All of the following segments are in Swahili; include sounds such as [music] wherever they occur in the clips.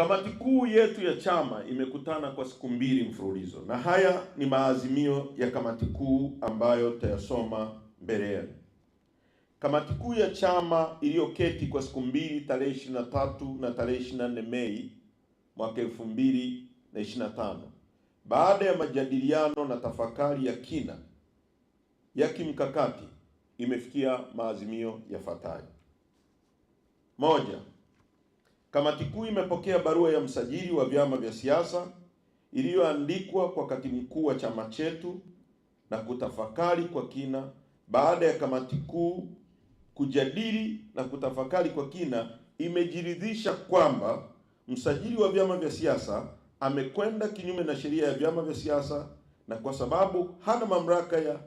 Kamati kuu yetu ya chama imekutana kwa siku mbili mfululizo, na haya ni maazimio ya kamati kuu ambayo tayasoma mbele yenu. Kamati kuu ya chama iliyoketi kwa siku mbili tarehe 23 na tarehe 24 Mei mwaka 2025 baada ya majadiliano na tafakari ya kina ya kimkakati imefikia maazimio yafuatayo: moja, Kamati kuu imepokea barua ya msajili wa vyama vya siasa iliyoandikwa kwa katibu mkuu wa chama chetu na kutafakari kwa kina baada ya kamati kuu kujadili na kutafakari kwa kina, imejiridhisha kwamba msajili wa vyama vya siasa amekwenda kinyume na sheria ya vyama vya siasa, na kwa sababu hana mamlaka ya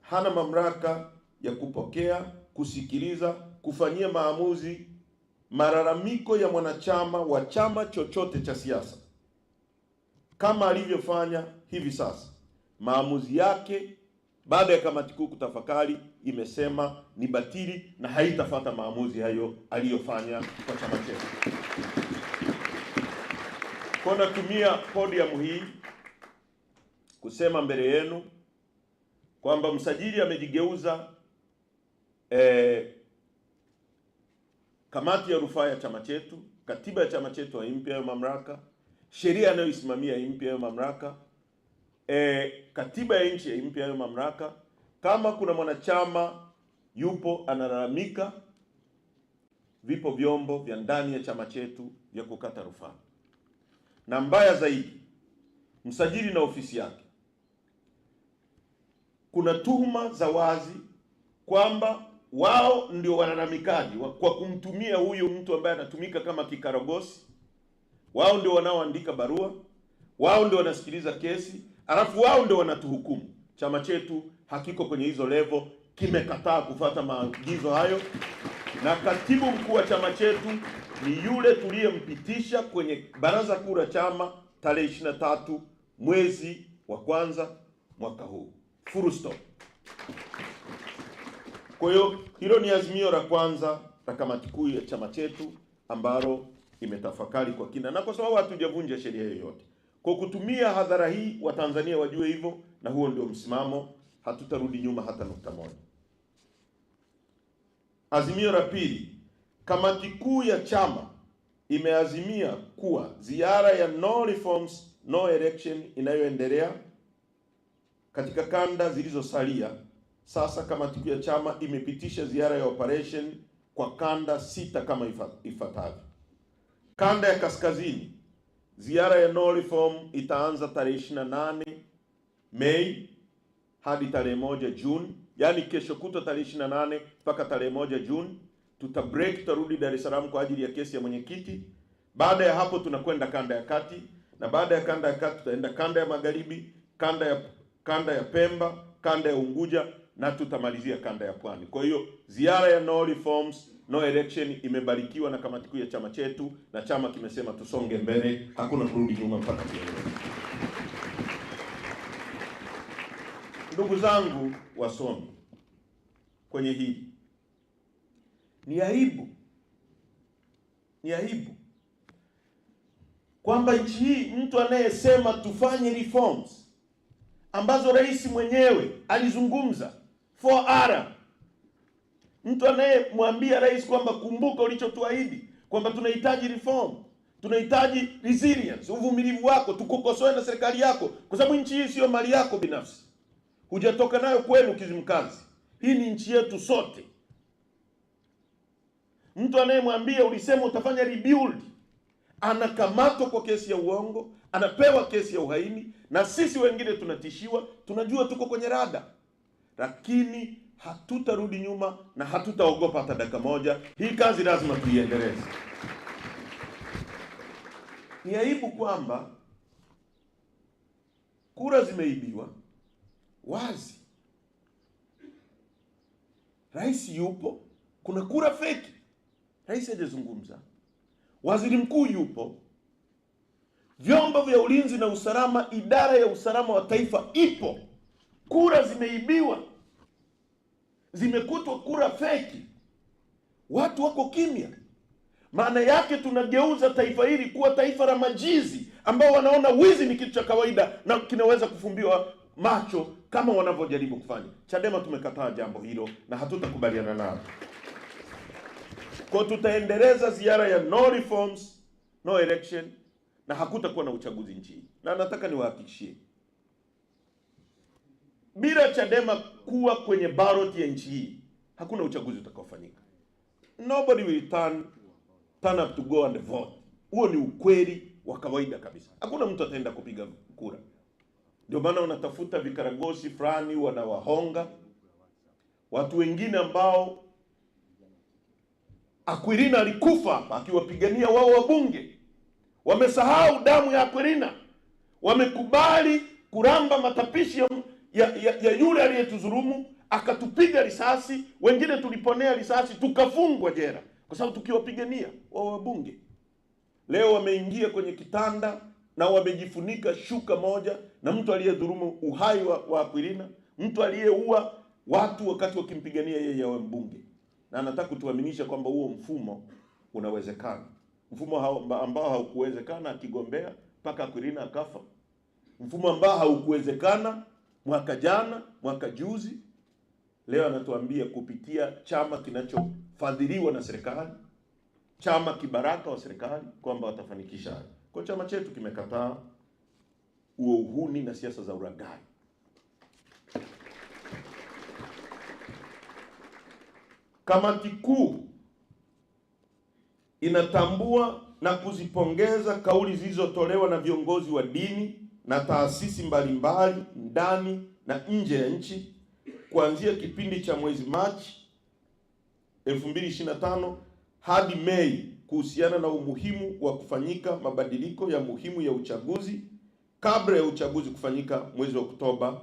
hana mamlaka ya kupokea, kusikiliza, kufanyia maamuzi malalamiko ya mwanachama wa chama chochote cha siasa kama alivyofanya hivi sasa. Maamuzi yake baada ya kamati kuu kutafakari imesema ni batili na haitafata maamuzi hayo aliyofanya kwa chama chetu. Kwa natumia podium hii kusema mbele yenu kwamba msajili amejigeuza eh, kamati ya rufaa ya chama chetu, katiba ya chama chetu haimpi hayo mamlaka, sheria anayoisimamia haimpi hayo mamlaka, e, katiba ya nchi haimpi hayo mamlaka. Kama kuna mwanachama yupo analalamika, vipo vyombo vya ndani ya chama chetu vya kukata rufaa, na mbaya zaidi, msajili na ofisi yake, kuna tuhuma za wazi kwamba wao ndio walalamikaji kwa kumtumia huyo mtu ambaye anatumika kama kikaragosi. Wao ndio wanaoandika barua, wao ndio wanasikiliza kesi, alafu wao ndio wanatuhukumu. Chama chetu hakiko kwenye hizo levo, kimekataa kufata maagizo hayo, na katibu mkuu wa chama chetu ni yule tuliyempitisha kwenye baraza kuu la chama tarehe 23 mwezi wa kwanza mwaka huu. Full stop. Kwa hiyo hilo ni azimio la kwanza la kamati kuu ya chama chetu ambalo imetafakari kwa kina, na kwa sababu hatujavunja sheria yoyote, kwa kutumia hadhara hii Watanzania wajue hivyo, na huo ndio msimamo, hatutarudi nyuma hata nukta moja. Azimio la pili, kamati kuu ya chama imeazimia kuwa ziara ya no reforms no election inayoendelea katika kanda zilizosalia sasa kamati kuu ya chama imepitisha ziara ya operation kwa kanda sita kama ifuatavyo. Kanda ya kaskazini, ziara ya no reform itaanza tarehe 28 Mei hadi tarehe moja Juni, yaani kesho kutwa tarehe 28 mpaka tarehe moja Juni. Tuta break tutarudi Dar es Salaam kwa ajili ya kesi ya mwenyekiti. Baada ya hapo tunakwenda kanda ya kati, na baada ya kanda ya kati tutaenda kanda ya magharibi, kanda ya kanda ya Pemba, kanda ya Unguja na tutamalizia kanda ya Pwani. Kwa hiyo ziara ya no reforms no election imebarikiwa na kamati kuu ya chama chetu, na chama kimesema tusonge mbele, hakuna kurudi nyuma mpaka Ndugu zangu wasomi, kwenye hili ni aibu, ni aibu kwamba nchi hii mtu anayesema tufanye reforms ambazo rais mwenyewe alizungumza for ara. Mtu anayemwambia rais kwamba kumbuka ulichotuahidi kwamba tunahitaji reform, tunahitaji resilience, uvumilivu wako, tukukosoe na serikali yako, kwa sababu nchi hii siyo mali yako binafsi, hujatoka nayo kwenu Kizimkazi. Hii ni nchi yetu sote. Mtu anayemwambia ulisema utafanya rebuild anakamatwa kwa kesi ya uongo, anapewa kesi ya uhaini, na sisi wengine tunatishiwa, tunajua tuko kwenye rada lakini hatutarudi nyuma na hatutaogopa hata dakika moja. Hii kazi lazima tuiendeleze. Ni aibu kwamba kura zimeibiwa wazi. Rais yupo, kuna kura feki, rais hajazungumza. Waziri mkuu yupo, vyombo vya ulinzi na usalama, idara ya usalama wa taifa ipo kura zimeibiwa, zimekutwa kura feki, watu wako kimya. Maana yake tunageuza taifa hili kuwa taifa la majizi ambao wanaona wizi ni kitu cha kawaida na kinaweza kufumbiwa macho kama wanavyojaribu kufanya. Chadema tumekataa jambo hilo na hatutakubaliana nalo. Kwa tutaendeleza ziara ya no reforms, no election na hakutakuwa na uchaguzi nchini, na nataka niwahakikishie bila Chadema kuwa kwenye ballot ya nchi hii hakuna uchaguzi utakaofanyika. Nobody will turn, turn up to go and vote. Huo ni ukweli wa kawaida kabisa. Hakuna mtu ataenda kupiga kura, ndio maana unatafuta vikaragosi fulani wanawahonga watu wengine ambao Akwilina alikufa hapa akiwapigania wao wabunge. Wamesahau damu ya Akwilina, wamekubali kuramba matapishi ya, ya, ya yule aliyetudhulumu akatupiga risasi, wengine tuliponea risasi tukafungwa jera kwa sababu tukiwapigania wa wabunge. Leo wameingia kwenye kitanda na wamejifunika shuka moja na mtu aliyedhulumu uhai wa, wa Akwilina, mtu aliyeua watu wakati wakimpigania yeye awe mbunge, na anataka kutuaminisha kwamba huo mfumo unawezekana, mfumo ambao haukuwezekana akigombea mpaka Akwilina akafa, mfumo ambao haukuwezekana mwaka jana, mwaka juzi. Leo anatuambia kupitia chama kinachofadhiliwa na serikali, chama kibaraka wa serikali, kwamba watafanikisha hayo. Kwa chama chetu kimekataa huo uhuni na siasa za uragai. Kamati kuu inatambua na kuzipongeza kauli zilizotolewa na viongozi wa dini na taasisi mbalimbali ndani na nje ya nchi kuanzia kipindi cha mwezi Machi 2025 hadi Mei kuhusiana na umuhimu wa kufanyika mabadiliko ya muhimu ya uchaguzi kabla ya uchaguzi kufanyika mwezi wa Oktoba.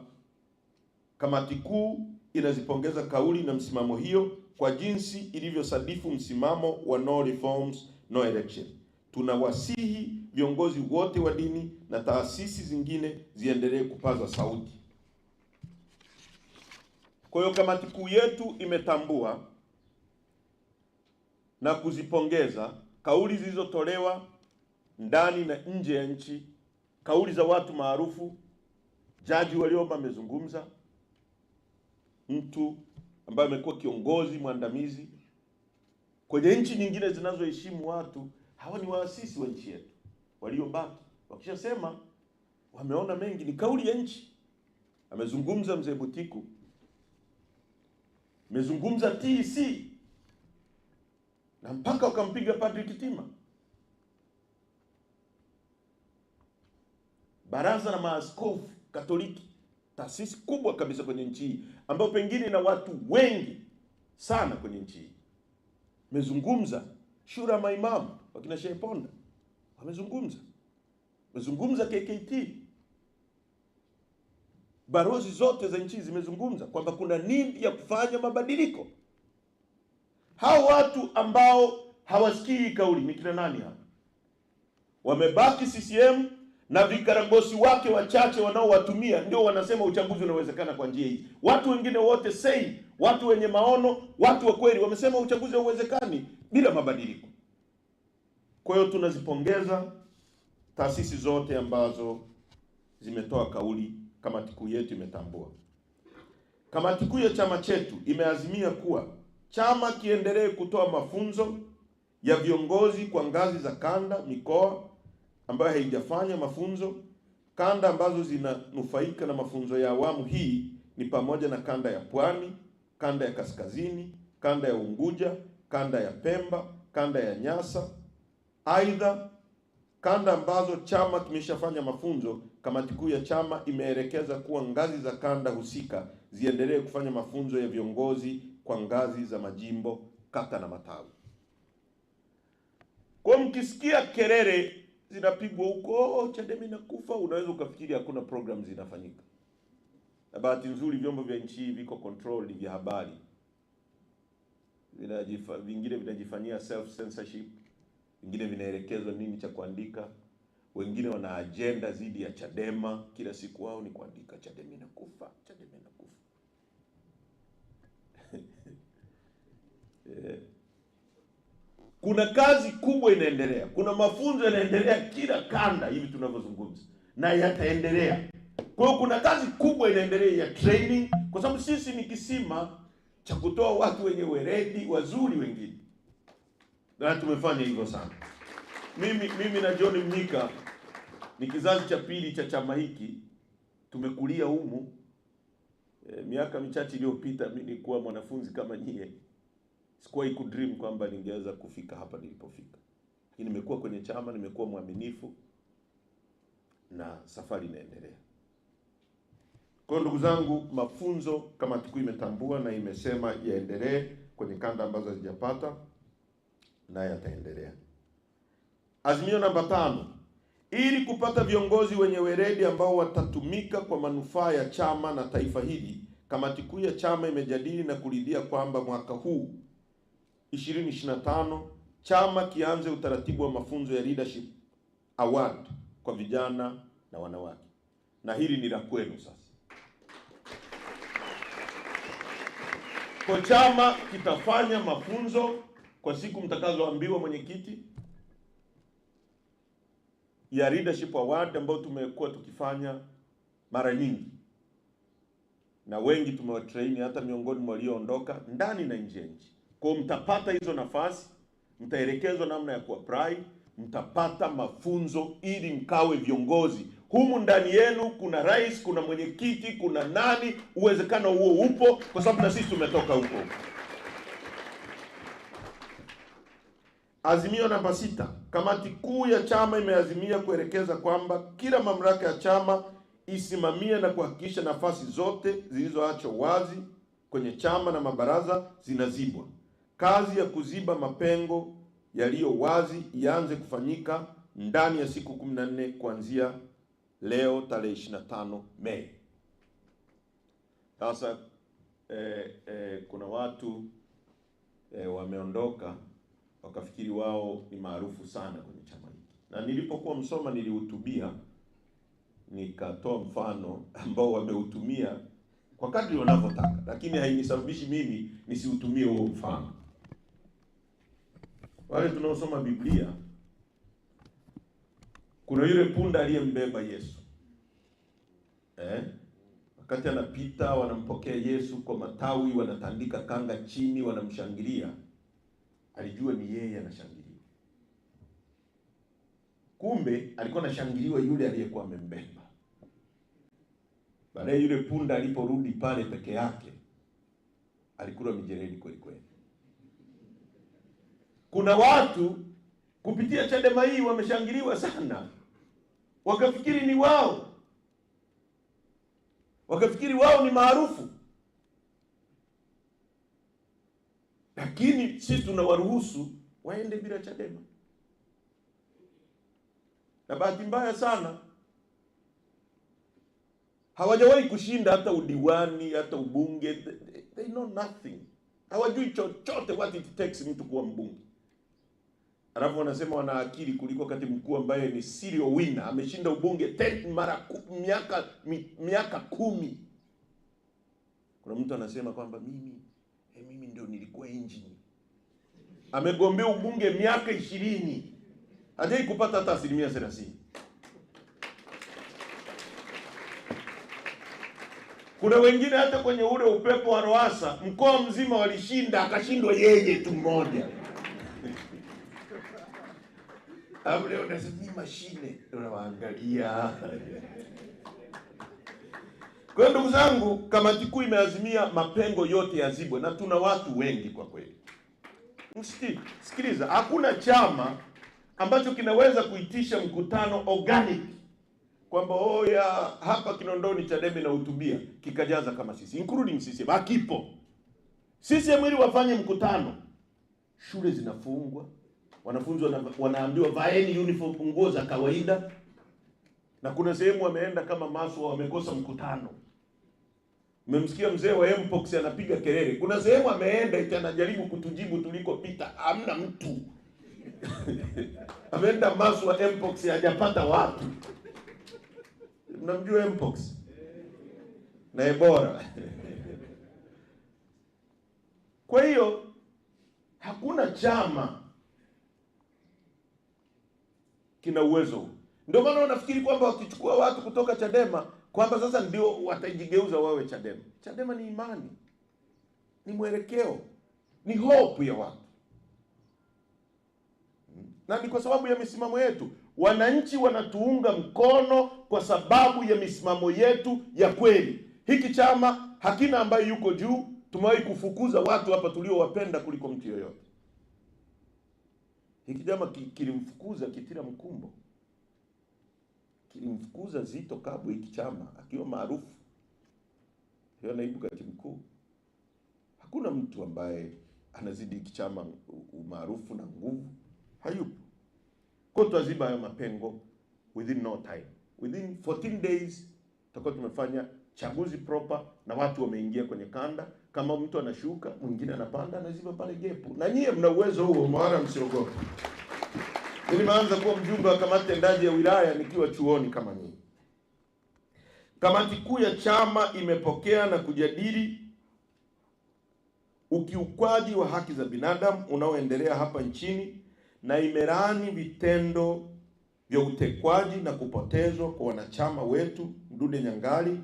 Kamati kuu inazipongeza kauli na msimamo hiyo kwa jinsi ilivyosadifu msimamo wa no reforms no election tunawasihi viongozi wote wa dini na taasisi zingine ziendelee kupaza sauti. Kwa hiyo kamati kuu yetu imetambua na kuzipongeza kauli zilizotolewa ndani na nje ya nchi, kauli za watu maarufu. Jaji Warioba amezungumza, mtu ambaye amekuwa kiongozi mwandamizi kwenye nchi nyingine zinazoheshimu watu Hawa ni waasisi wa nchi yetu waliobaki, wakishasema wameona mengi, ni kauli ya nchi. Amezungumza mzee Butiku, amezungumza tc e na mpaka wakampiga Patrick Tima. Baraza la Maaskofu Katoliki, taasisi kubwa kabisa kwenye nchi hii, ambayo pengine ina watu wengi sana kwenye nchi hii, mezungumza. Shura maimamu wakina Sheponda wamezungumza, wamezungumza KKT, barozi zote za nchi zimezungumza kwamba kuna nini ya kufanya mabadiliko. Hao watu ambao hawasikii kauli ni kina nani hapa? Wamebaki CCM na vikaragosi wake wachache wanaowatumia ndio wanasema uchaguzi unawezekana kwa njia hii. Watu wengine wote sei, watu wenye maono, watu wa kweli wamesema uchaguzi hauwezekani bila mabadiliko. Kwa hiyo tunazipongeza taasisi zote ambazo zimetoa kauli. Kamati kuu yetu imetambua, kamati kuu ya chama chetu imeazimia kuwa chama kiendelee kutoa mafunzo ya viongozi kwa ngazi za kanda, mikoa ambayo haijafanya mafunzo. Kanda ambazo zinanufaika na mafunzo ya awamu hii ni pamoja na kanda ya Pwani, kanda ya Kaskazini, kanda ya Unguja, kanda ya Pemba, kanda ya Nyasa Aidha, kanda ambazo chama kimeshafanya mafunzo, kamati kuu ya chama imeelekeza kuwa ngazi za kanda husika ziendelee kufanya mafunzo ya viongozi kwa ngazi za majimbo, kata na matawi. Kwa mkisikia kelele zinapigwa huko, oh, Chadema inakufa, unaweza ukafikiri hakuna program zinafanyika, na bahati nzuri vyombo vya nchi hii viko controlled vya habari, vingine vinajifanyia self censorship wengine vinaelekezwa nini cha kuandika, wengine wana ajenda dhidi ya Chadema. Kila siku wao ni kuandika Chadema inakufa, Chadema inakufa. [laughs] Eh. Kuna kazi kubwa inaendelea, kuna mafunzo yanaendelea kila kanda hivi tunavyozungumza, na yataendelea. Kwa hiyo kuna kazi kubwa inaendelea ya training, kwa sababu sisi ni kisima cha kutoa watu wenye weredi wazuri wengine na tumefanya hivyo sana. Mimi, mimi na John Mnyika ni kizazi cha pili cha chama hiki, tumekulia humu e, miaka michache iliyopita mimi nilikuwa mwanafunzi kama nyie, sikuwahi ku dream kwamba ningeweza kufika hapa nilipofika, lakini nimekuwa kwenye chama, nimekuwa mwaminifu na safari inaendelea. Kwa ndugu zangu, mafunzo kama kuu imetambua na imesema yaendelee kwenye kanda ambazo hazijapata naye ataendelea. Azimio namba tano, ili kupata viongozi wenye weledi ambao watatumika kwa manufaa ya chama na taifa hili, kamati kuu ya chama imejadili na kuridhia kwamba mwaka huu 2025 chama kianze utaratibu wa mafunzo ya leadership award kwa vijana na wanawake, na hili ni la kwenu sasa. Kwa chama kitafanya mafunzo kwa siku mtakazoambiwa mwenyekiti ya leadership award ambayo tumekuwa tukifanya mara nyingi na wengi tumewatrain hata miongoni mwa walioondoka ndani na nje ya nchi. Kwa mtapata hizo nafasi, mtaelekezwa namna ya kuapply, mtapata mafunzo ili mkawe viongozi. Humu ndani yenu kuna rais, kuna mwenyekiti, kuna nani, uwezekano huo upo, kwa sababu na sisi tumetoka huko. Azimio namba sita, kamati kuu ya chama imeazimia kuelekeza kwamba kila mamlaka ya chama isimamie na kuhakikisha nafasi zote zilizoachwa wazi kwenye chama na mabaraza zinazibwa. Kazi ya kuziba mapengo yaliyo wazi ianze kufanyika ndani ya siku 14 kuanzia leo tarehe 25 Mei. Sasa eh, eh, kuna watu eh, wameondoka wakafikiri wao ni maarufu sana kwenye chama hiki. Na nilipokuwa Msoma nilihutubia nikatoa mfano ambao wameutumia kwa kadri wanavyotaka, lakini hainisababishi mimi nisiutumie huo mfano. Wale tunaosoma Biblia, kuna yule punda aliyembeba Yesu eh? Wakati anapita wanampokea Yesu kwa matawi, wanatandika kanga chini, wanamshangilia alijua ni yeye anashangiliwa. Kumbe alikuwa anashangiliwa yule aliyekuwa amembeba. Baadaye yule punda aliporudi pale peke yake, alikula mijeledi kweli kweli. Kuna watu kupitia Chadema hii wameshangiliwa sana, wakafikiri ni wao, wakafikiri wao ni maarufu. lakini sisi tunawaruhusu waende bila Chadema, na bahati mbaya sana hawajawahi kushinda hata udiwani hata ubunge. They, they know nothing, hawajui chochote what it takes mtu kuwa mbunge, alafu wanasema wana akili kuliko kati mkuu ambaye ni serial winner, ameshinda ubunge ten mara miaka mi, miaka kumi. Kuna mtu anasema kwamba mimi He, eh, mimi ndio nilikuwa engine. Amegombea ubunge miaka ishirini hajai kupata hata asilimia thelathini. Kuna wengine hata kwenye ule upepo wa Roasa mkoa mzima walishinda, akashindwa yeye tu mmoja. Hapo leo nasema mashine, unawaangalia kwa hiyo ndugu zangu, kamati kuu imeazimia mapengo yote yazibwe, na tuna watu wengi kwa kweli. Msiki, sikiliza, hakuna chama ambacho kinaweza kuitisha mkutano organic kwamba oya, hapa Kinondoni Chadema inahutubia kikajaza kama sisi, including sisi bakipo sisi ili wafanye mkutano, shule zinafungwa, wanafunzi wanaambiwa vaeni uniform, nguo za kawaida na kuna sehemu wameenda kama maswa, wamekosa mkutano. Mmemsikia mzee wa Mpox anapiga kelele, kuna sehemu ameenda eti anajaribu kutujibu tulikopita, hamna mtu [laughs] ameenda maswa Mpox hajapata watu. Mnamjua Mpox na Ebola [laughs] kwa hiyo hakuna chama kina uwezo ndio maana wanafikiri kwamba wakichukua watu kutoka Chadema kwamba sasa ndio watajigeuza wawe Chadema. Chadema ni imani, ni mwelekeo, ni hope ya watu, na ni kwa sababu ya misimamo yetu. Wananchi wanatuunga mkono kwa sababu ya misimamo yetu ya kweli. Hiki chama hakina ambaye yuko juu. Tumewahi kufukuza watu hapa tuliowapenda kuliko mtu yoyote. Hiki chama kilimfukuza Kitila Mkumbo kilimfukuza Zito Kabwe hiki chama akiwa maarufu akiwa naibu katibu mkuu. Hakuna mtu ambaye anazidi hiki chama umaarufu na nguvu, hayupo. Kwa tutaziba hayo mapengo within no time, within 14 days tutakuwa tumefanya chaguzi proper na watu wameingia kwenye kanda. Kama mtu anashuka mwingine anapanda, anaziba pale gepu, na nyie mna uwezo huo, maana msiogope. Nilianza kuwa mjumbe wa kamati tendaji ya wilaya nikiwa chuoni kama nyinyi. Kamati kuu ya chama imepokea na kujadili ukiukwaji wa haki za binadamu unaoendelea hapa nchini na imelaani vitendo vya utekwaji na kupotezwa kwa wanachama wetu Mdude Nyangali.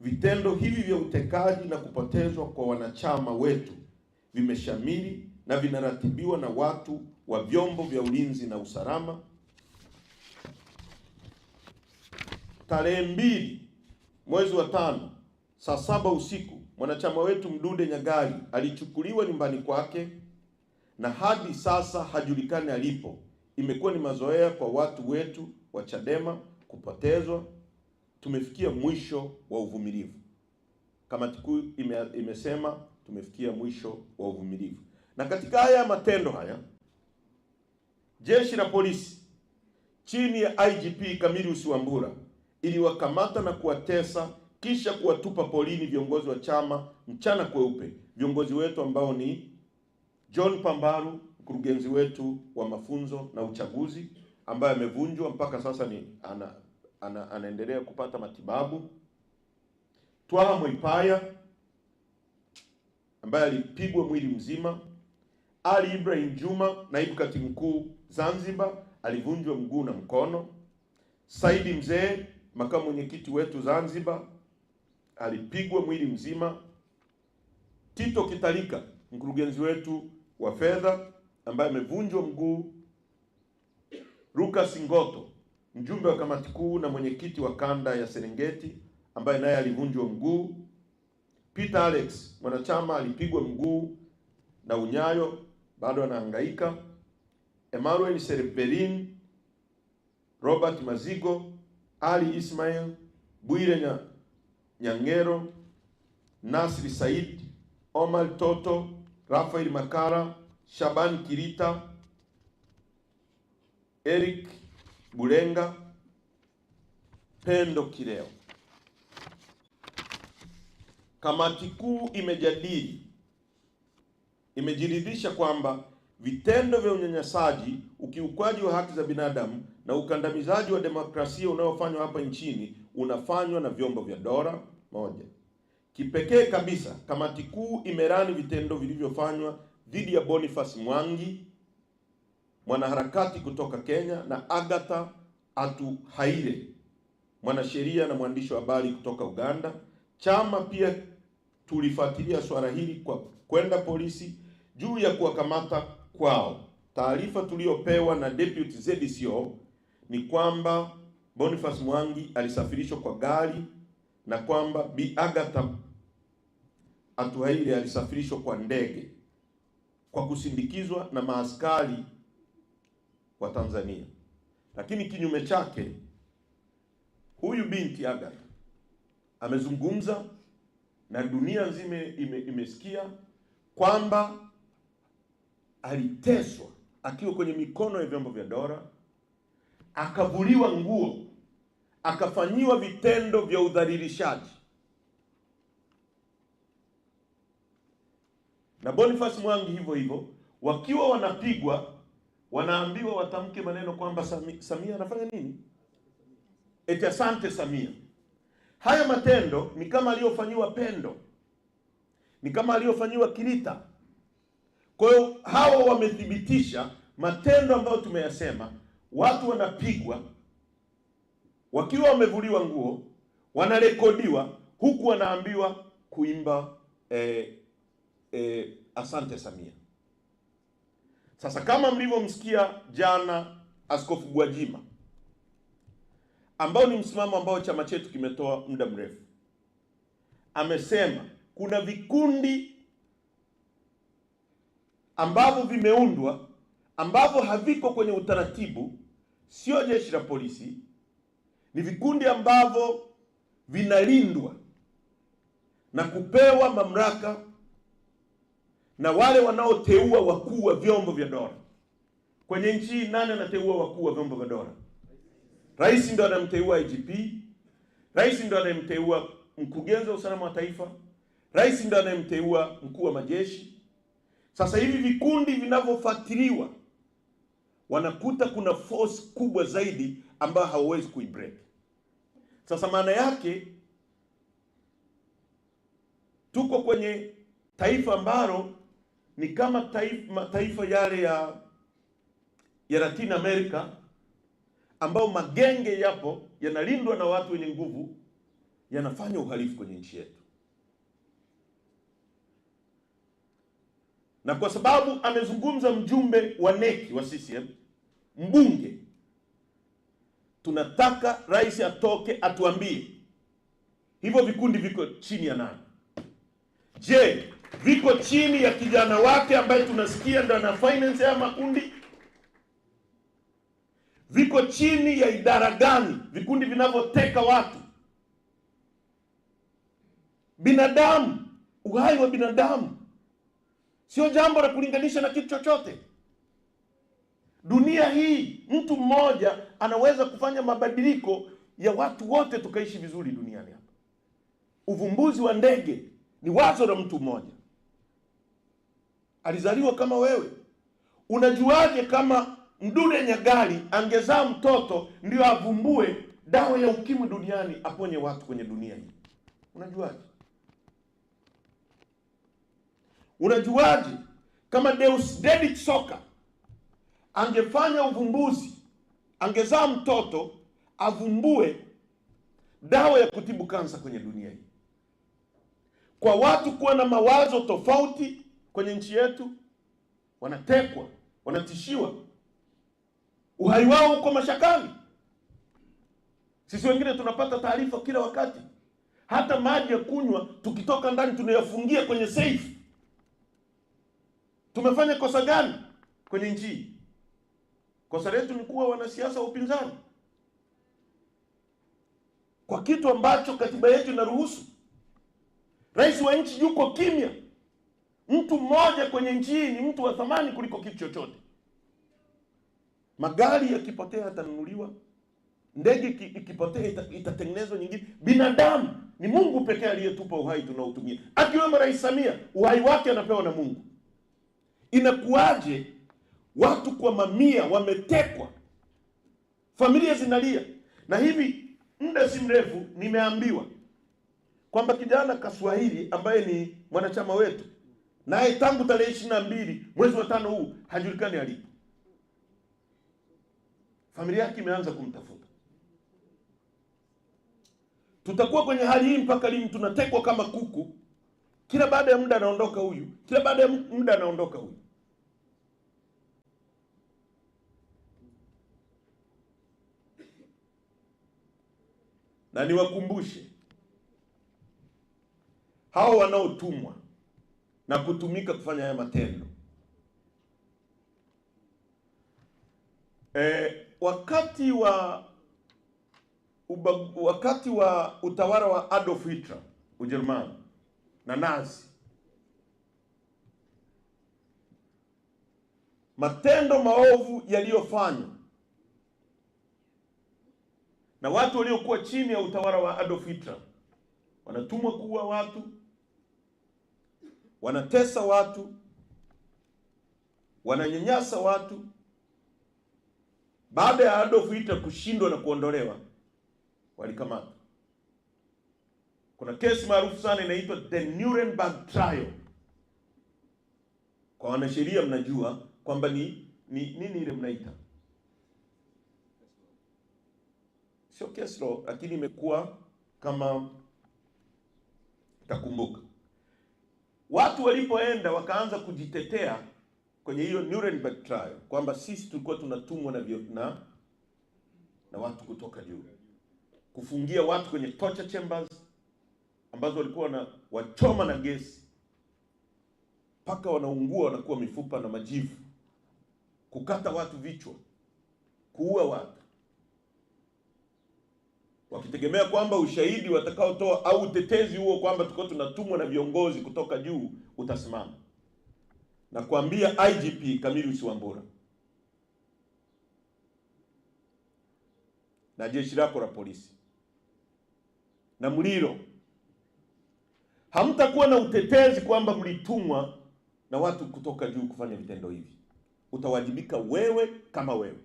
Vitendo hivi vya utekaji na kupotezwa kwa wanachama wetu vimeshamiri na vinaratibiwa na watu wa vyombo vya ulinzi na usalama. Tarehe mbili mwezi wa tano saa saba usiku mwanachama wetu Mdude Nyagali alichukuliwa nyumbani kwake na hadi sasa hajulikani alipo. Imekuwa ni mazoea kwa watu wetu wa Chadema kupotezwa. Tumefikia mwisho wa uvumilivu. Kamati kuu ime, imesema tumefikia mwisho wa uvumilivu. Na katika haya matendo haya, jeshi la polisi chini ya IGP Camillus Wambura iliwakamata na kuwatesa kisha kuwatupa polini viongozi wa chama mchana kweupe, viongozi wetu ambao ni John Pambaru, mkurugenzi wetu wa mafunzo na uchaguzi, ambaye amevunjwa mpaka sasa ni ana, ana, anaendelea kupata matibabu. Twaha Mwipaya ambaye alipigwa mwili mzima ali Ibrahim Juma, naibu katibu mkuu Zanzibar, alivunjwa mguu na mkono. Saidi Mzee, makamu mwenyekiti wetu Zanzibar, alipigwa mwili mzima. Tito Kitalika, mkurugenzi wetu wa fedha, ambaye amevunjwa mguu. Lucas Ngoto, mjumbe wa kamati kuu na mwenyekiti wa kanda ya Serengeti, ambaye naye alivunjwa mguu. Peter Alex, mwanachama, alipigwa mguu na unyayo bado anahangaika. Emmanuel Serperin, Robert Mazigo, Ali Ismail, Bwire Nyangero, Nasri Said, Omar Toto, Rafael Makara, Shaban Kirita, Eric Bulenga, Pendo Kileo. Kamati kuu imejadili imejiridhisha kwamba vitendo vya unyanyasaji, ukiukwaji wa haki za binadamu na ukandamizaji wa demokrasia unaofanywa hapa nchini unafanywa na vyombo vya dola. Moja, kipekee kabisa, kamati kuu imerani vitendo vilivyofanywa dhidi ya Boniface Mwangi, mwanaharakati kutoka Kenya, na Agatha Atuhaire, mwanasheria na mwandishi wa habari kutoka Uganda. Chama pia tulifuatilia swala hili kwa kwenda polisi juu ya kuwakamata kwao. Taarifa tuliyopewa na deputy ZCO ni kwamba Boniface Mwangi alisafirishwa kwa gari na kwamba Bi Agatha Atuhaire alisafirishwa kwa ndege kwa kusindikizwa na maaskari wa Tanzania. Lakini kinyume chake, huyu binti Agatha amezungumza na dunia nzima imesikia ime kwamba aliteswa akiwa kwenye mikono ya vyombo vya dola, akavuliwa nguo, akafanyiwa vitendo vya udhalilishaji. Na Boniface Mwangi hivyo hivyo, wakiwa wanapigwa, wanaambiwa watamke maneno kwamba Samia, Samia anafanya nini? Eti asante Samia. Haya matendo ni kama aliyofanyiwa Pendo ni kama aliyofanyiwa Kirita. Kwa hiyo hao wamethibitisha matendo ambayo tumeyasema. Watu wanapigwa wakiwa wamevuliwa nguo, wanarekodiwa huku wanaambiwa kuimba eh, eh, asante Samia. Sasa kama mlivyomsikia jana Askofu Gwajima, ambao ni msimamo ambao chama chetu kimetoa muda mrefu, amesema kuna vikundi ambavyo vimeundwa ambavyo haviko kwenye utaratibu, sio jeshi la polisi, ni vikundi ambavyo vinalindwa na kupewa mamlaka na wale wanaoteua wakuu wa vyombo vya dola kwenye nchi hii. Nani anateua wakuu wa vyombo vya dola? Rais ndo anamteua IGP, rais ndo anamteua mkurugenzi wa usalama wa taifa, Rais ndiye anayemteua mkuu wa majeshi. Sasa hivi vikundi vinavyofuatiliwa wanakuta kuna force kubwa zaidi ambayo hauwezi kuibreak. Sasa maana yake tuko kwenye taifa ambalo ni kama taifa, taifa yale ya ya Latin America ambao magenge yapo yanalindwa na watu wenye nguvu yanafanya uhalifu kwenye nchi yetu. na kwa sababu amezungumza mjumbe wa neki wa CCM mbunge, tunataka rais atoke atuambie hivyo vikundi viko chini ya nani? Je, viko chini ya kijana wake ambaye tunasikia ndo ana finance ya makundi? Viko chini ya idara gani vikundi vinavyoteka watu? Binadamu, uhai wa binadamu sio jambo la kulinganisha na kitu chochote. Dunia hii mtu mmoja anaweza kufanya mabadiliko ya watu wote, tukaishi vizuri duniani hapa. Uvumbuzi wa ndege ni wazo la mtu mmoja, alizaliwa kama wewe. Unajuaje kama Mdude Nyagali angezaa mtoto ndio avumbue dawa ya ukimwi duniani, aponye watu kwenye dunia hii? Unajuaje? Unajuaje kama Deus Dedic Soka angefanya uvumbuzi, angezaa mtoto avumbue dawa ya kutibu kansa kwenye dunia hii? Kwa watu kuwa na mawazo tofauti kwenye nchi yetu, wanatekwa, wanatishiwa, uhai wao uko mashakani. Sisi wengine tunapata taarifa kila wakati, hata maji ya kunywa tukitoka ndani tunayafungia kwenye safe Tumefanya kosa gani kwenye nchi hii? Kosa letu ni kuwa wanasiasa wa upinzani kwa kitu ambacho katiba yetu inaruhusu. Rais wa nchi yuko kimya. Mtu mmoja kwenye nchi hii ni mtu wa thamani kuliko kitu chochote. Magari yakipotea yatanunuliwa, ndege ikipotea ita, itatengenezwa nyingine. Binadamu ni Mungu pekee aliyetupa uhai tunaotumia, akiwemo Rais Samia, uhai wake anapewa na Mungu. Inakuwaje watu kwa mamia wametekwa, familia zinalia. Na hivi muda si mrefu nimeambiwa kwamba kijana Kaswahili ambaye ni mwanachama wetu, naye tangu tarehe ishirini na mbili mwezi wa tano huu hajulikani alipo. Familia yake imeanza kumtafuta. Tutakuwa kwenye hali hii mpaka lini? Tunatekwa kama kuku, kila baada ya muda anaondoka huyu, kila baada ya muda anaondoka huyu. na niwakumbushe hao wanaotumwa na kutumika kufanya haya matendo e, wakati wa uba, wakati wa utawala wa Adolf Hitler Ujerumani na Nazi, matendo maovu yaliyofanywa na watu waliokuwa chini ya utawala wa Adolf Hitler wanatumwa kuua watu, wanatesa watu, wananyanyasa watu. Baada ya Adolf Hitler kushindwa na kuondolewa, walikamatwa. Kuna kesi maarufu sana inaitwa the Nuremberg trial. Kwa wanasheria mnajua kwamba ni, ni nini ile mnaita sio kesro, lakini imekuwa kama takumbuka, watu walipoenda wakaanza kujitetea kwenye hiyo Nuremberg trial kwamba sisi tulikuwa tunatumwa na, na na watu kutoka juu kufungia watu kwenye torture chambers ambazo walikuwa na wachoma na gesi mpaka wanaungua wanakuwa mifupa na majivu, kukata watu vichwa, kuua watu wakitegemea kwamba ushahidi watakaotoa au utetezi huo kwamba tuko tunatumwa na viongozi kutoka juu utasimama. Na kuambia IGP Camillus Wambura na jeshi lako la polisi na Muliro, hamtakuwa na utetezi kwamba mlitumwa na watu kutoka juu kufanya vitendo hivi. Utawajibika wewe kama wewe.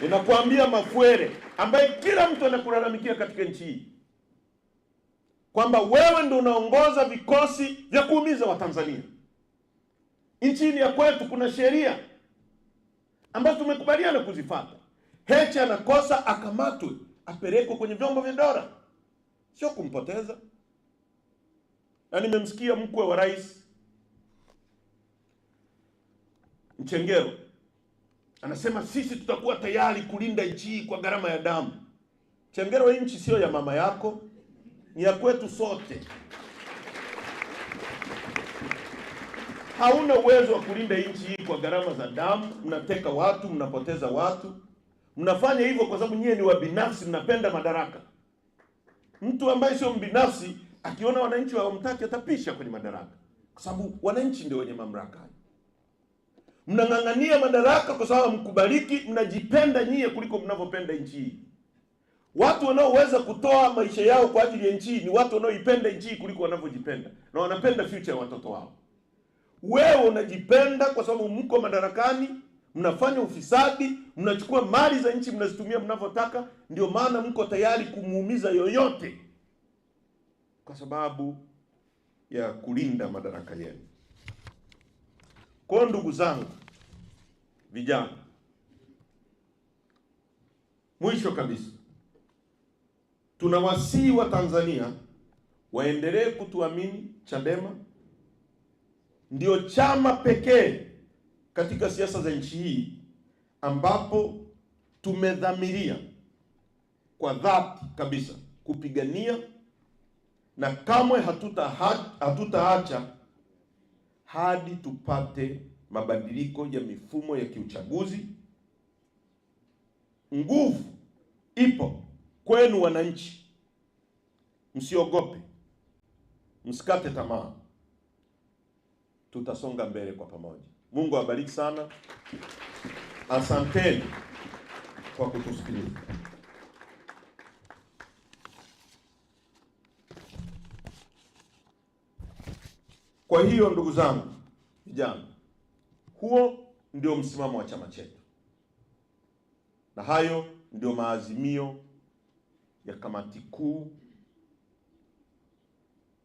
Ninakuambia Mafuere, ambaye kila mtu anakulalamikia katika nchi hii kwamba wewe ndio unaongoza vikosi vya kuumiza Watanzania. Nchini ya kwetu kuna sheria ambazo tumekubaliana kuzifata. Heche anakosa akamatwe, apelekwe kwenye vyombo vya dola, sio kumpoteza. Na nimemsikia mkwe wa rais Mchengero Anasema sisi tutakuwa tayari kulinda nchi hii kwa gharama ya damu. Chengero, nchi sio ya mama yako, ni ya kwetu sote. Hauna uwezo wa kulinda nchi hii kwa gharama za damu. Mnateka watu, mnapoteza watu. Mnafanya hivyo kwa sababu nyie ni wabinafsi, mnapenda madaraka. Mtu ambaye sio mbinafsi akiona wananchi wamtaki atapisha kwenye madaraka, kwa sababu wananchi ndio wenye mamlaka mnang'ang'ania madaraka kwa sababu mkubaliki, mnajipenda nyie kuliko mnavyopenda nchi hii. Watu wanaoweza kutoa maisha yao kwa ajili ya nchi ni watu wanaoipenda nchi kuliko wanavyojipenda, na wanapenda future ya watoto wao. Wewe unajipenda kwa sababu mko madarakani, mnafanya ufisadi, mnachukua mali za nchi, mnazitumia mnavyotaka. Ndio maana mko tayari kumuumiza yoyote kwa sababu ya kulinda madaraka yenu. Kwa ndugu zangu vijana, mwisho kabisa, tunawasihi wa Tanzania waendelee kutuamini. Chadema ndio chama pekee katika siasa za nchi hii ambapo tumedhamiria kwa dhati kabisa kupigania na kamwe hatutaacha hatuta hadi tupate mabadiliko ya mifumo ya kiuchaguzi. Nguvu ipo kwenu wananchi, msiogope, msikate tamaa, tutasonga mbele kwa pamoja. Mungu awabariki sana, asanteni kwa kutusikiliza. Kwa hiyo ndugu zangu vijana, huo ndio msimamo wa chama chetu, na hayo ndio maazimio ya kamati kuu